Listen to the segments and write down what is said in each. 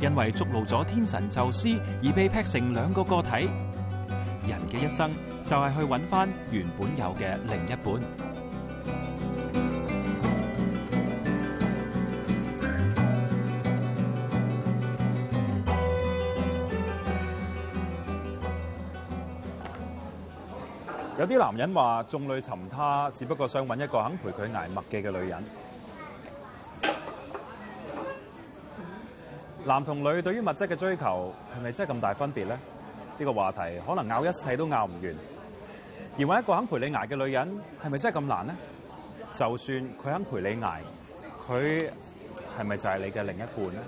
因為觸怒咗天神宙斯，而被劈成兩個個體。人嘅一生就係去揾翻原本有嘅另一半。有啲男人話眾女尋他，只不過想揾一個肯陪佢捱麥記嘅女人。男同女對於物質嘅追求係咪真係咁大分別咧？呢個話題可能拗一世都拗唔完。而揾一個肯陪你捱嘅女人係咪真係咁難呢？就算佢肯陪你捱，佢係咪就係你嘅另一半呢？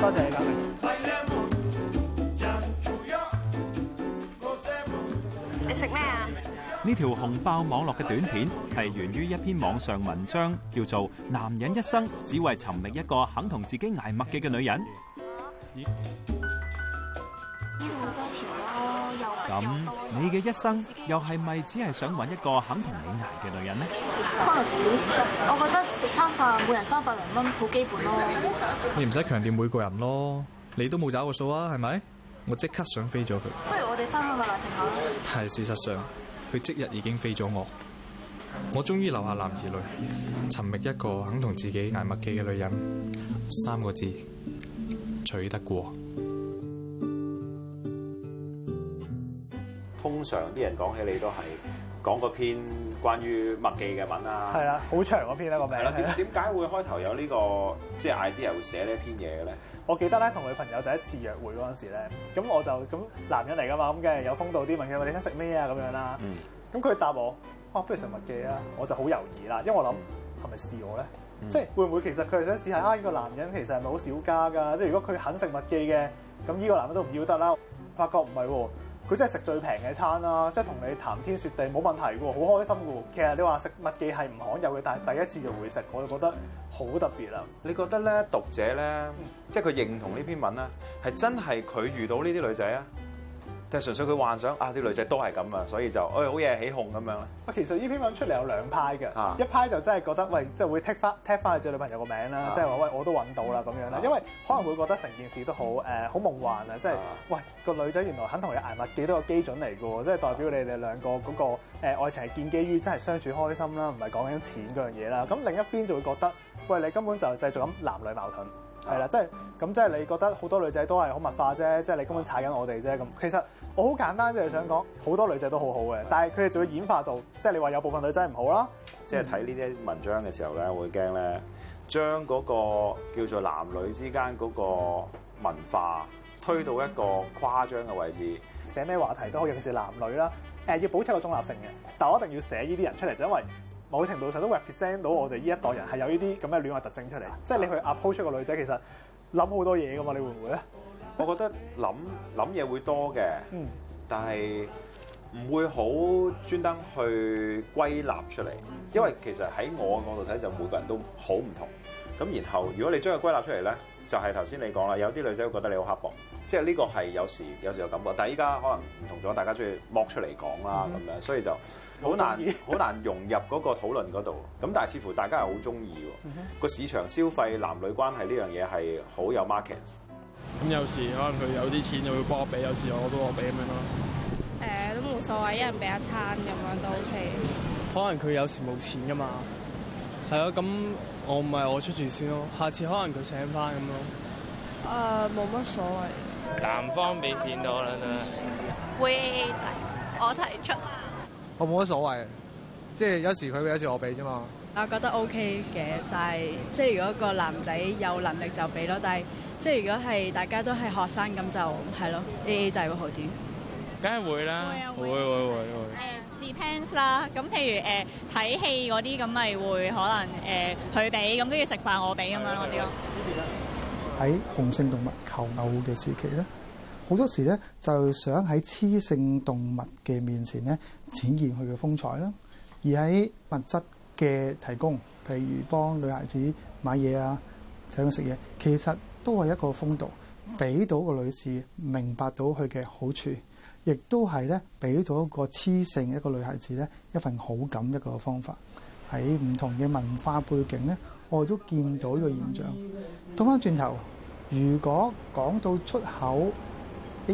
多謝你。呢條紅爆網絡嘅短片係源於一篇網上文章，叫做《男人一生只為尋覓一個肯同自己捱麥記嘅女人》。呢度好多條又多。咁你嘅一生又係咪只係想揾一個肯同你捱嘅女人呢？我覺得食餐飯每人三百零蚊好基本咯。你唔使強調每個人咯，你都冇找過數啊，係咪？我即刻想飛咗佢。不如我哋翻去問阿靜海。但係事實上。佢即日已經飛咗我，我終於流下男兒淚，尋覓一個肯同自己捱麥記嘅女人。三個字，娶得過。通常啲人講起你都係講個篇。關於麥記嘅文啊，係啦、啊，好長篇啦、啊個名。係啦、啊，點解會開頭有呢個，即係 idea 會寫呢一篇嘢嘅咧？我記得咧，同女朋友第一次約會嗰陣時咧，咁我就咁男人嚟㗎嘛，咁梗係有風度啲問佢，你想食咩啊咁樣啦。咁佢、嗯、答我，啊不如食麥記啊，我就好猶豫啦，因為我諗係咪試我咧？嗯、即係會唔會其實佢係想試下啊？呢個男人其實係咪好小家㗎？即係如果佢肯食麥記嘅，咁呢個男人都唔要得啦。發覺唔係喎。佢真係食最平嘅餐啦，即係同你談天說地冇問題嘅，好開心嘅。其實你話食麥記係唔罕有嘅，但係第一次就會食，我就覺得好特別啦。你覺得咧，讀者咧，嗯、即係佢認同呢篇文咧，係、嗯、真係佢遇到呢啲女仔啊？即係純粹佢幻想啊！啲女仔都係咁啊，所以就誒、哎、好嘢起哄咁樣啦。啊，其實呢篇文出嚟有兩派㗎，一派就真係覺得喂，即係會踢翻踢翻自己女朋友個名啦，啊、即係話喂我都揾到啦咁樣啦。啊、因為可能會覺得成件事都好誒好夢幻啊，即係喂個女仔原來肯同你捱麥記幾多個基準嚟㗎喎，即係代表你哋兩個嗰、那個誒、呃、愛情係建基於真係相處開心啦，唔係講緊錢嗰樣嘢啦。咁另一邊就會覺得喂你根本就製造緊男女矛盾。係啦，即係咁，即係你覺得好多女仔都係好物化啫，即係你根本踩緊我哋啫咁。其實我好簡單，即係想講好多女仔都好好嘅，對 但係佢哋就會演化到，即係你話有部分女仔唔好啦。即係睇呢啲文章嘅時候咧，會驚咧，將嗰個叫做男女之間嗰個文化推到一個誇張嘅位置。寫咩話題都好，尤其是男女啦，誒、呃、要保持個中立性嘅，但係我一定要寫呢啲人出嚟，就因為。某程度上都 represent 到我哋呢一代人係有呢啲咁嘅戀愛特徵出嚟，嗯、即係你去 upload 出個女仔，其實諗好多嘢㗎嘛，你會唔會咧？我覺得諗諗嘢會多嘅，嗯，但係唔會好專登去歸納出嚟，嗯、因為其實喺我嘅角度睇就每個人都好唔同，咁然後如果你將佢歸納出嚟咧。就係頭先你講啦，有啲女仔會覺得你好刻薄，即係呢個係有時有時有感覺，但係依家可能唔同咗，大家中意剝出嚟講啦咁樣，mm hmm. 所以就好難好喜難融入嗰個討論嗰度。咁但係似乎大家係好中意個市場消費男女關係呢樣嘢係好有 market。咁有時可能佢有啲錢就會幫我俾，有時我都我俾咁樣咯。誒、呃，都冇所謂，一人俾一餐咁樣都 OK。可能佢有時冇錢噶嘛。係啊，咁。我唔係我出住先咯，下次可能佢請翻咁咯。誒，冇乜、呃、所謂。男方俾錢多啦。A A 制，我提出啦。我冇乜所謂，即係有時佢俾，有時我俾啫嘛。我覺得 OK 嘅，但係即係如果個男仔有能力就俾咯，但係即係如果係大家都係學生咁就係咯，A A 制會好啲。梗係會啦，會會會會。會會會會哎 depends 啦，咁譬如誒睇戲嗰啲咁，咪、呃、會可能誒佢俾，咁跟住食飯我俾咁樣嗰啲咯。喺雄性動物求偶嘅時期咧，好多時咧就想喺雌性動物嘅面前咧展現佢嘅風采啦。而喺物質嘅提供，譬如幫女孩子買嘢啊，請佢食嘢，其實都係一個風度，俾到個女士明白到佢嘅好處。亦都係咧，俾咗一個癡性一個女孩子咧一份好感一個方法。喺唔同嘅文化背景咧，我都見到呢個現象。倒翻轉頭，如果講到出口，呢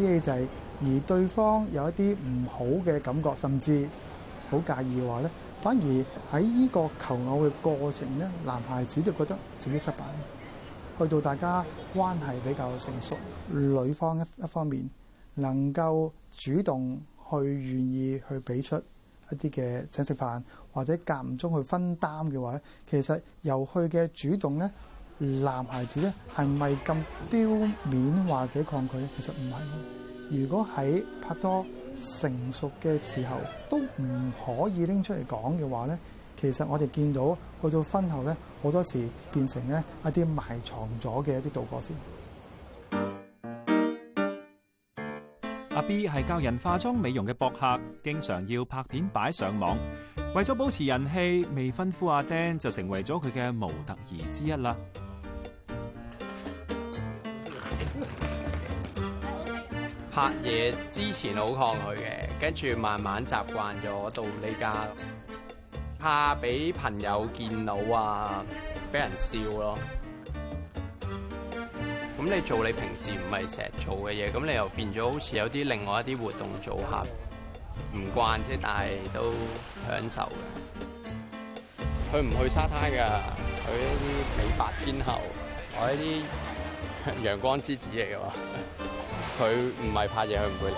啲就係、是、而對方有一啲唔好嘅感覺，甚至好介意嘅話咧，反而喺呢個求偶嘅過程咧，男孩子就覺得自己失敗。去到大家關係比較成熟，女方一一方面。能夠主動去願意去俾出一啲嘅請食飯，或者間唔中去分擔嘅話咧，其實由佢嘅主動咧，男孩子咧係咪咁丟面或者抗拒？其實唔係。如果喺拍拖成熟嘅時候都唔可以拎出嚟講嘅話咧，其實我哋見到去到婚後咧，好多時變成咧一啲埋藏咗嘅一啲導火線。阿 B 係教人化妝美容嘅博客，經常要拍片擺上網，為咗保持人氣，未婚夫阿 Dan 就成為咗佢嘅模特兒之一啦。拍嘢之前好抗拒嘅，跟住慢慢習慣咗，到呢家怕俾朋友見到啊，俾人笑咯。咁你做你平時唔係成日做嘅嘢，咁你又變咗好似有啲另外一啲活動組合唔慣啫，但係都享受嘅。佢唔 去沙灘㗎，佢一啲美白天后，我一啲陽光之子嚟嘅話，佢唔係怕嘢，佢唔會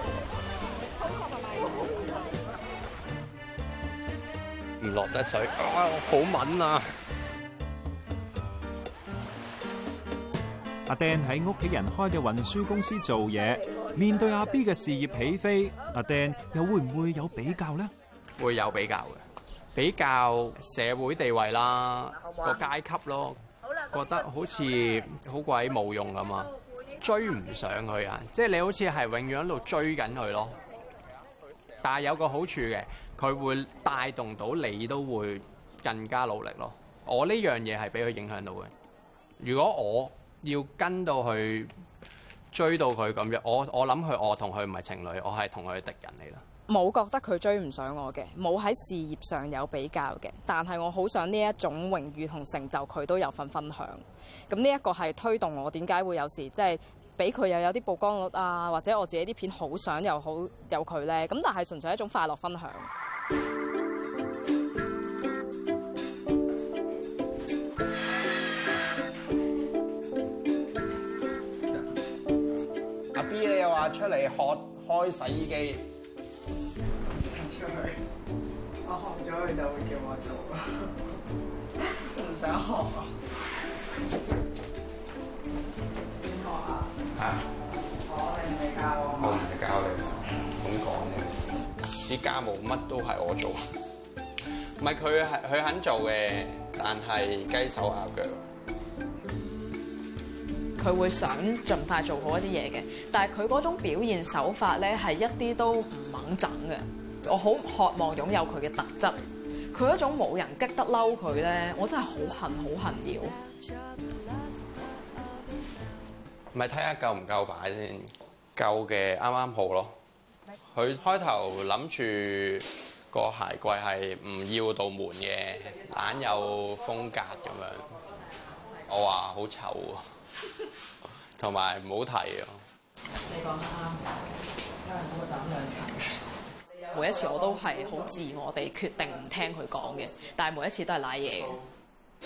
嚟。唔落 得水，啊，我好敏啊！阿 Dan 喺屋企人開嘅運輸公司做嘢，面對阿 B 嘅事業起飛，阿 Dan 又會唔會有比較咧？會有比較嘅，比較社會地位啦，個階級咯，好啦，覺得好似好鬼冇用咁啊，追唔上佢啊，即係你好似係永遠喺度追緊佢咯。但係有個好處嘅，佢會帶動到你都會更加努力咯。我呢樣嘢係俾佢影響到嘅。如果我要跟到去追到佢咁樣，我我諗佢，我同佢唔係情侶，我係同佢敵人嚟啦。冇覺得佢追唔上我嘅，冇喺事業上有比較嘅，但係我好想呢一種榮譽同成就，佢都有份分享。咁呢一個係推動我點解會有時即係俾佢又有啲曝光率啊，或者我自己啲片好想又好有佢咧。咁但係純粹係一種快樂分享。出嚟學開洗衣機。出去，我學咗佢就會叫我做，唔 想學， 學啊。點學啊？啊！我你唔係教我我唔我教你，咁講嘅，啲家務乜都係我做。唔係佢係佢肯做嘅，但係雞手鴨腳。佢會想盡快做好一啲嘢嘅，但係佢嗰種表現手法咧係一啲都唔猛憎嘅。我好渴望擁有佢嘅特質，佢嗰種冇人激得嬲佢咧，我真係好恨好恨要。唔係睇下夠唔夠擺先，夠嘅啱啱好咯。佢開頭諗住個鞋櫃係唔要道門嘅，懶有風格咁樣。我話好醜啊！同埋唔好提哦。你講得啱，今日我會等兩次。每一次我都係好自我地決定唔聽佢講嘅，但係每一次都係賴嘢。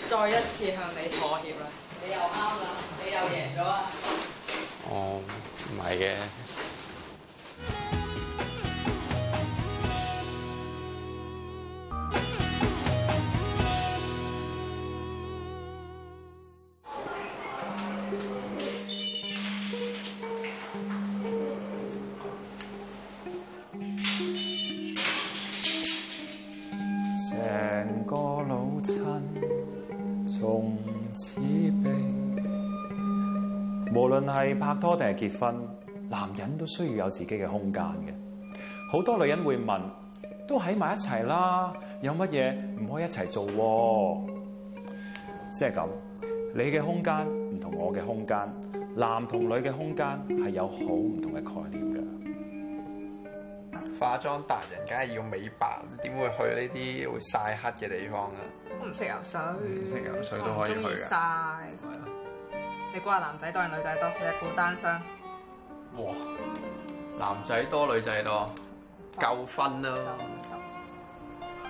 再一次向你妥協啦，你又啱啦，你又贏咗啦。哦，唔係嘅。無論係拍拖定係結婚，男人都需要有自己嘅空間嘅。好多女人會問：都喺埋一齊啦，有乜嘢唔可以一齊做哦？即係咁，你嘅空間唔同我嘅空間，男同女嘅空間係有好唔同嘅概念。化妝達人梗係要美白，點會去呢啲會曬黑嘅地方啊！我唔識游水，唔識游水都可以去嘅。的你估下男仔多定女仔多？你係孤單身。哇！男仔多女仔多，多分夠分啦、啊。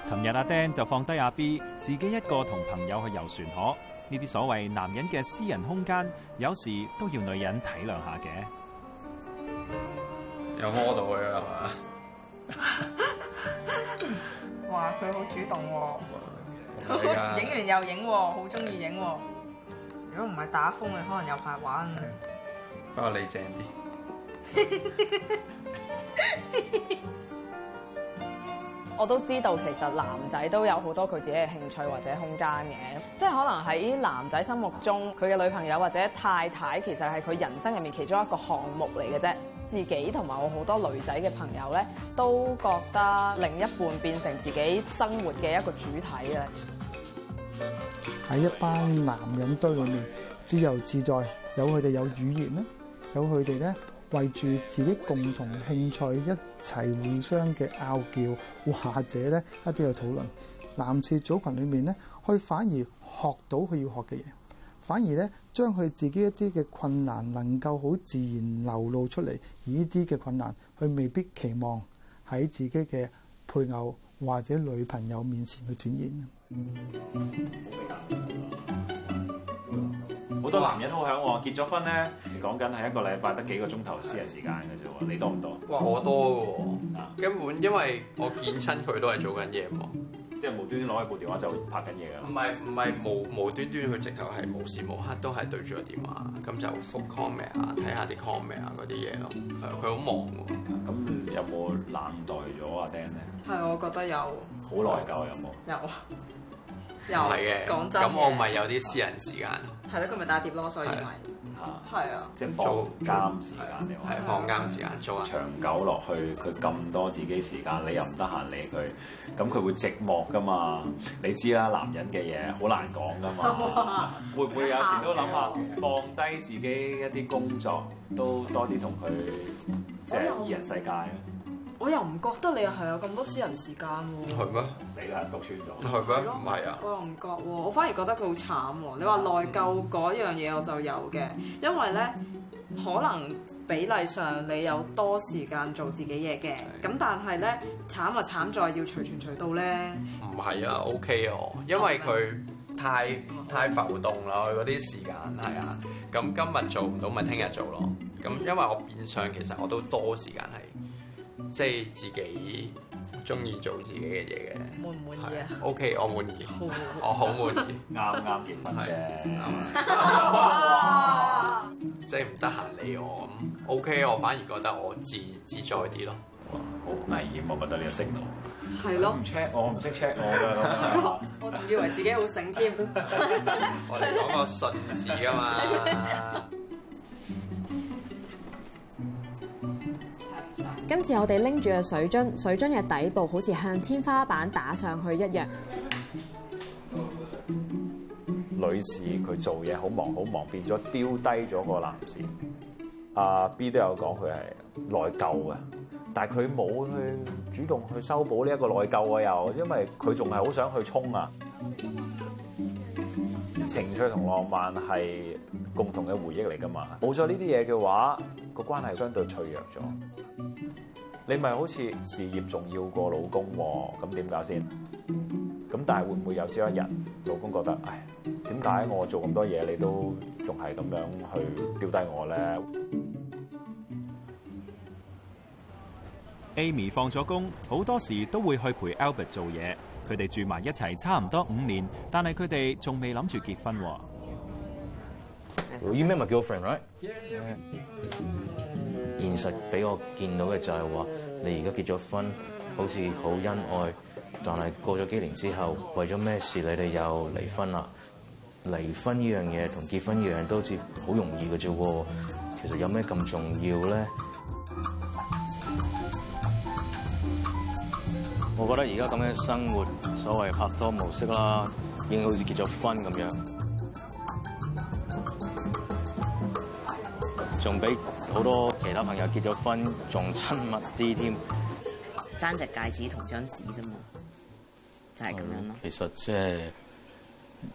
琴分日阿 Dan 就放低阿 B，自己一個同朋友去遊船河。呢啲所謂男人嘅私人空間，有時都要女人體諒下嘅。又屙到佢係嘛？嗯 哇！佢好主動喎，影完又影，好中意影。如果唔係打風，你可能有排玩。不過你正啲。我都知道，其實男仔都有好多佢自己嘅興趣或者空間嘅，即係可能喺男仔心目中，佢嘅女朋友或者太太其實係佢人生入面其中一個項目嚟嘅啫。自己同埋我好多女仔嘅朋友咧，都覺得另一半變成自己生活嘅一個主體嘅。喺一班男人堆裏面，自由自在，有佢哋有語言咧，有佢哋咧。為住自己共同興趣一齊互相嘅拗撬，或者呢一啲嘅討論，男士組群裏面呢，佢反而學到佢要學嘅嘢，反而呢將佢自己一啲嘅困難能夠好自然流露出嚟，而呢啲嘅困難，佢未必期望喺自己嘅配偶或者女朋友面前去展現。 個男人好響喎、哦，結咗婚咧，講緊係一個禮拜得幾個鐘頭私人時間嘅啫喎，你的多唔多？哇！我多嘅喎、哦， 根本因為我見親佢都係做緊嘢喎，即係 無端端攞一部電話就拍緊嘢㗎。唔係唔係無無端端佢直頭係無時無刻都係對住個電話，咁就復 comment 啊，睇下啲 comment 啊嗰啲嘢咯。係、 嗯，佢好、嗯、忙喎。咁、嗯、有冇冷待咗阿 Dan 咧？係，我覺得有。好內疚有冇？有，有。 有又係嘅，講真，咁我咪有啲私人時間。係咯，佢咪打碟咯，所以咪係啊。即係放監時間你話係，放監時間做啊。長久落去，佢咁多自己時間，你又唔得閒理佢，咁佢會寂寞㗎嘛？你知啦，男人嘅嘢好難講㗎嘛。會唔會有時都諗下放低自己一啲工作，都多啲同佢即係二人世界啊？我又唔覺得你係有咁多私人時間喎嗎。係咩？死啦，讀穿咗。係咩？唔係啊。我又唔覺喎，我反而覺得佢好慘喎。你話內疚嗰樣嘢我就有嘅，因為咧可能比例上你有多時間做自己嘢嘅，咁的但係咧慘啊慘在要隨傳隨，隨，隨到咧。唔係啊，OK 喎、啊，因為佢太的太，太浮動啦，嗰啲時間係啊。咁今日做唔到咪聽日做咯。咁因為我變相其實我都多時間係。即係自己中意做自己嘅嘢嘅，滿唔滿意啊？O K，我滿意，我好滿意，啱啱結婚嘅，即係唔得閒理我咁，O K，我反而覺得我自自在啲咯。好危險，我覺得你嘅聲道，係咯？我唔 check，我唔識 check 我㗎，我仲以為自己好醒添。我哋講個順字啊嘛。今次我哋拎住嘅水樽，水樽嘅底部好似向天花板打上去一樣。女士佢做嘢好忙，好忙變咗丟低咗個男士。阿、uh, B 都有講佢係內疚啊，但係佢冇去主動去修補呢一個內疚啊，又因為佢仲係好想去衝啊。情趣同浪漫係共同嘅回憶嚟噶嘛，冇咗呢啲嘢嘅話，個關係相對脆弱咗。你咪好似事業仲要過老公喎，咁點搞先？咁但係會唔會有朝一日老公覺得，唉，點解我做咁多嘢你都仲係咁樣去丟低我咧 ？Amy 放咗工，好多時都會去陪 Albert 做嘢。佢哋住埋一齊差唔多五年，但係佢哋仲未諗住結婚。saw You meet my girlfriend, right? Yeah, yeah, yeah.、Yeah. 其實俾我見到嘅就係話，你而家結咗婚，好似好恩愛，但係過咗幾年之後，為咗咩事你哋又離婚啦？離婚呢樣嘢同結婚呢樣都好似好容易嘅啫喎，其實有咩咁重要咧？我覺得而家咁樣生活，所謂拍拖模式啦，已經好似結咗婚咁樣，仲俾好多其他朋友結咗婚仲親密啲添，爭隻戒指同張紙啫嘛，就係咁樣咯，嗯。其實即係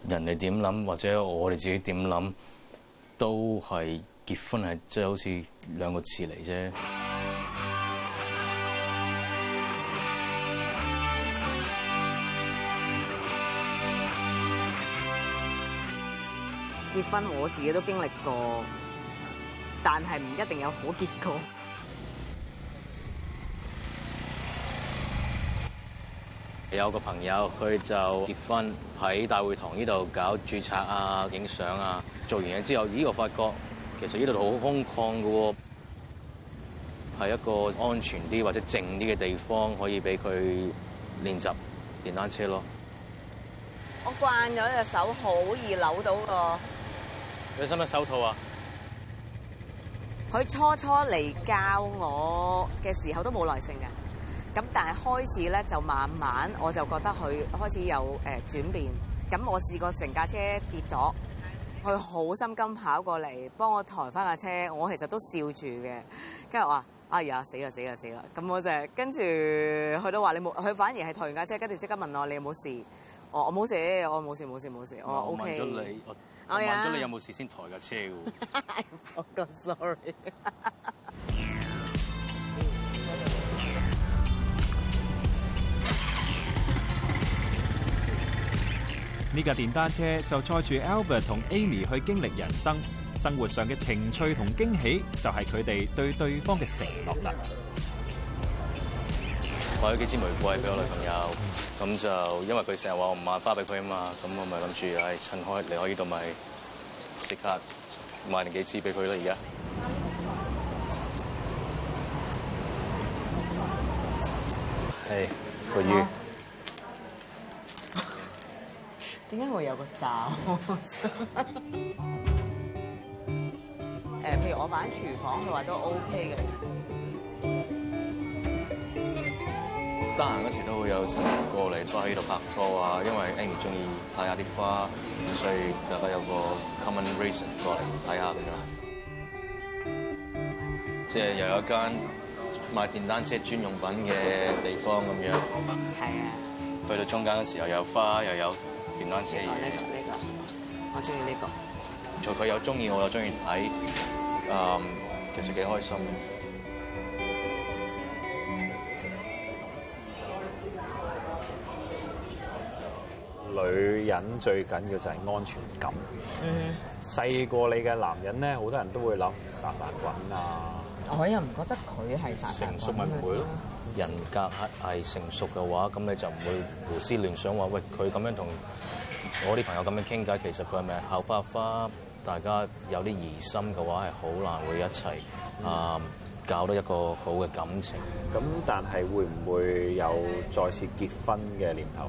人哋點諗，或者我哋自己點諗，都係結婚係即係好似兩個字嚟啫。結婚我自己都經歷過。但係唔一定有好結果。有個朋友佢就結婚喺大會堂呢度搞註冊啊、影相啊。做完嘢之後，咦，我發覺其實呢度好空曠㗎喎、啊，係一個安全啲或者靜啲嘅地方，可以俾佢練習電單車咯、啊。我慣咗隻手好易扭到㗎，你使唔使手套啊？佢初初嚟教我嘅時候都冇耐性嘅，咁但係開始咧就慢慢我就覺得佢開始有誒、呃、轉變。咁我試過成架車跌咗，佢好心咁跑過嚟幫我抬翻架車，我其實都笑住嘅。跟住我話：哎呀，死啦死啦死啦！咁我就跟住佢都話你冇，佢反而係抬完架車，跟住即刻問我你有冇事。哦，我冇事，我冇事冇事冇事，我 OK。我問咗你，Okay. 我問咗你有冇事先抬架車 sorry。呢架電單車就載住 Albert 同 Amy 去經歷人生，生活上嘅情趣同驚喜，就係佢哋對對方嘅承諾啦。買咗幾支玫瑰俾我女朋友，咁就因為佢成日話我唔買花俾佢啊嘛，咁我咪諗住，唉，趁開嚟開呢度咪即刻買定幾支俾佢咯，而家。係、hey, Hey. 的，例如，點解會有個罩？誒，譬如我擺喺廚房，佢話都 OK 嘅。 得閒嗰時都會有時過嚟坐喺呢度拍拖啊，因為 Angie 中意睇下啲花，咁所以大家有個 common reason 過嚟睇下咁樣。即係又有一間賣電單車專用品嘅地方咁樣。係啊。去到中間嗰時候，有花又有電單車嘢。呢個我中意呢個。就佢有中意，我又中意睇，誒，um, 其實幾開心。女人最緊要就係安全感。嗯，細過你嘅男人咧，好多人都會諗沙沙滾啊！我又唔覺得佢係沙沙滾。成熟咪唔會咯？嗯、人格係成熟嘅話，咁你就唔會胡思亂想話，喂，佢咁樣同我啲朋友咁樣傾偈，其實佢係咪口花花？大家有啲疑心嘅話，係好難會一齊啊。呃嗯搞到一個好嘅感情，咁但係會唔會有再次結婚嘅念頭？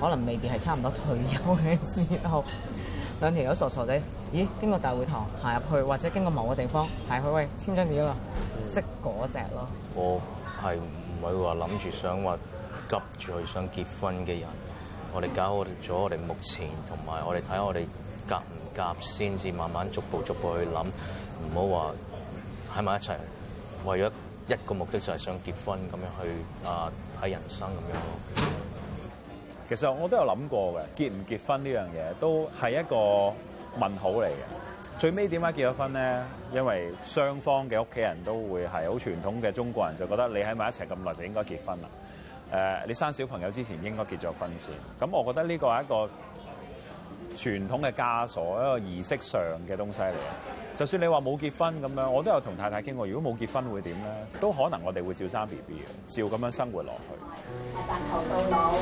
可能未必係差唔多退休嘅時候， 兩條友傻傻地，咦？經過大會堂行入去，或者經過某個地方行去喂，簽咗名啦，識嗰隻咯。 我係唔會話諗住想話急住去想結婚嘅人，我哋搞掂咗，我哋目前同埋我哋睇下，我哋夾唔夾先至慢慢逐步逐步去諗，唔好話喺埋一齊。為咗一個目的就係想結婚咁樣去啊睇人生咁樣咯。其實我都有諗過嘅，結唔結婚呢樣嘢都係一個問號嚟嘅。最尾點解結咗婚咧？因為雙方嘅屋企人都會係好傳統嘅中國人，就覺得你喺埋一齊咁耐就應該結婚啦。誒、呃，你生小朋友之前應該結咗婚先。咁我覺得呢個係一個傳統嘅枷鎖，一個儀式上嘅東西嚟嘅。.就算你話冇結婚咁樣，我都有同太太傾過。如果冇結婚會點咧？都可能我哋會照生 B B，照咁樣生活落去。白頭到老，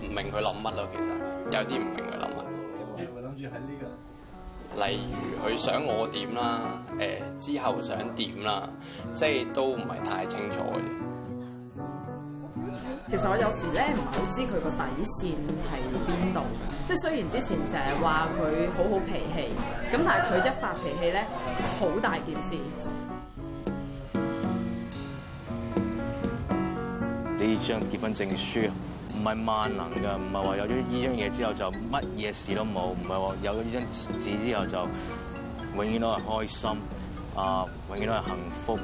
唔明佢諗乜咯。其實有啲唔明佢諗乜。諗住喺呢個， 例如佢想我點啦，誒之後想點啦，即係都唔係太清楚嘅。其實我有時咧唔係好知佢個底線係邊度，即係雖然之前成日話佢好好脾氣，咁但係佢一發脾氣咧好大件事。呢張結婚證書唔係萬能噶，唔係話有咗呢張嘢之後就乜嘢事都冇，唔係話有咗呢張紙之後就永遠都係開心，誒、呃，永遠都係幸福，誒、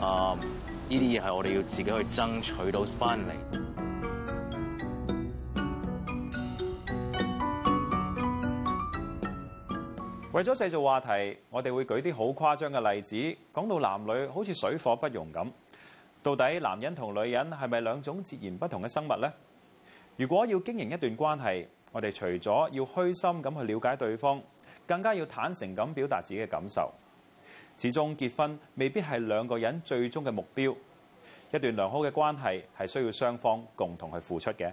呃。呢啲嘢係我哋要自己去爭取到翻嚟。為咗製造話題，我哋會舉啲好誇張嘅例子，講到男女好似水火不容咁。到底男人同女人係咪兩種截然不同嘅生物咧？如果要經營一段關係，我哋除咗要虛心咁去了解對方，更加要坦誠咁表達自己嘅感受。始終結婚未必係兩個人最終嘅目標，一段良好嘅關係係需要雙方共同去付出嘅。